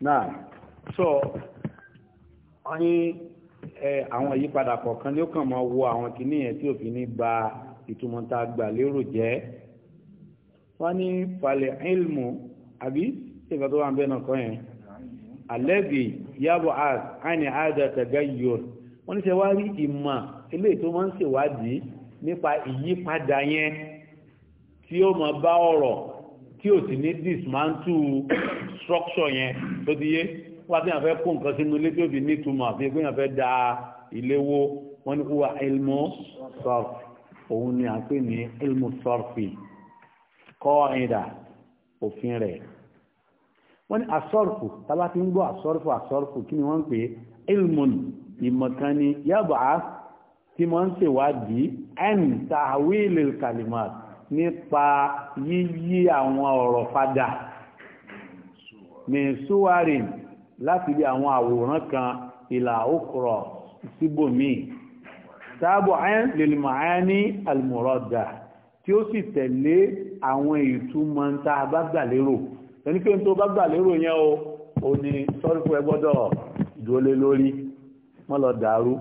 náà so ọyìn àwọn ìyípadà kọ̀ọ̀kan ló kàn máa wo àwọn kìíní yẹn tí òfin ní ba ìtumọ̀ tá a gbà lérò jẹ́ wọ́n ní falẹ̀ ilmu àbí ìgbà tó wà ń bẹ́ẹ̀ náà kọ́ yẹn alẹ́bì yàbọ̀ àt àìní àádọ́ tẹ̀gá yòr wọ́n ní sẹ́ wá rí ìmọ̀ eléyìí tó máa ń ṣèwádìí nípa ìyípadà yẹn tí ó máa bá ọ̀rọ̀ tí ò sì ní dismantle structure yẹn tó ti yé wá tí yàn fẹ́ kó nǹkan sínú ilé tí ó fi nítumọ̀ àti pé yàn fẹ́ da ilé wó wọ́n ní wà ilmu sarf òun ni à ń pè ní ilmu sarfi kọ́ ìdà òfin rẹ̀ wọ́n ní asọ́rfù tábà ti ń gbọ́ asọ́rfù asọ́rfù kí ni wọ́n ń pè ilmu ìmọ̀kan ni yàbà tí wọ́n ń ṣèwádìí ẹ̀ǹ tàwílì kalimat nípa yíyí àwọn ọ̀rọ̀ padà mẹ́sùwárìn láti bí àwọn àwòrán kan ìlà òkúrọ̀ síbòmí sáàbò ayán lèlìmọ̀ayán ní alìmọ̀rọ̀dà tí ó sì tẹ̀lé àwọn ìtumọ̀ ń ta bá gbàlérò ẹni pé tó bá gbàlérò yẹn o ò ní sọ́rí fún ẹ gbọ́dọ̀ dúró lórí wọ́n lọ dàrú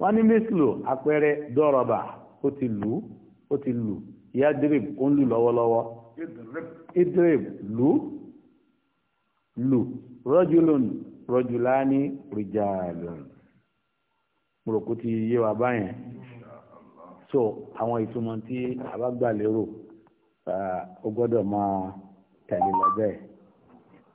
wọ́n ní mísìlò àpẹẹrẹ dọ́rọ̀bà ó ti lù ú ó ti lù yadrib ó ń lù lọ́wọ́lọ́wọ́ idrib lù lù rọ́júlùn rọ́júláni rìjàlùn mo rò kó ti yé wa báyẹn so àwọn ìtumọ̀ tí a bá gbà lérò ó gbọ́dọ̀ máa tẹ̀lé lọ bẹ́ẹ̀.